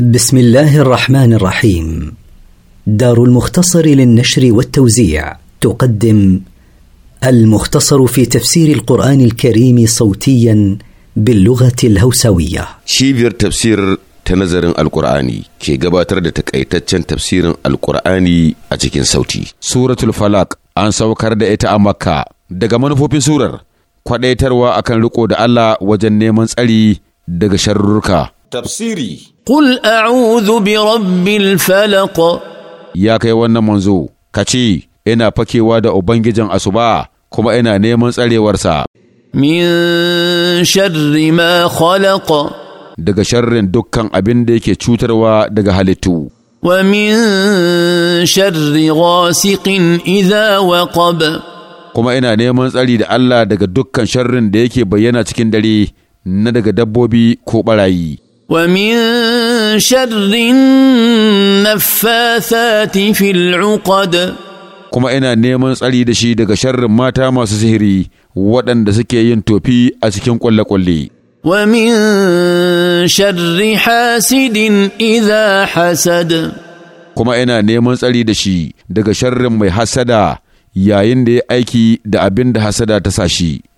بسم الله الرحمن الرحيم دار المختصر للنشر والتوزيع تقدم المختصر في تفسير القرآن الكريم صوتيا باللغة الهوسوية شيفير تفسير تنظر القرآني كي قباتر تكأيتتشن تفسير القرآني أجيكين صوتي سورة الفلاق أن سوكر دائتا أمكا دقمان فوبين سورر kwadaitarwa akan riko da Allah wajen neman tsari daga sharurruka Tafsiri Kul a'udhu bi rabbil falaq Ya kai wannan manzo, ka ce, Ina fakewa da Ubangijin Asuba, kuma ina neman tsarewarsa. Min sharri ma khalaq Daga sharrin dukkan abin da yake cutarwa daga halittu. Wa min sharri ghasiqin idha waqab Kuma ina neman tsari da Allah daga dukkan sharrin da yake bayyana cikin dare na daga dabbobi ko ɓarayi. ومن شر النفاثات في العقد kuma ina neman tsari da shi daga sharrin mata masu sihiri waɗanda suke yin tofi a cikin ƙwalle-ƙwalle. Wa min sharri hasidin idha hasad. Kuma ina neman tsari da shi daga sharrin mai hasada yayin da ya aiki da abin da hasada ta sa shi.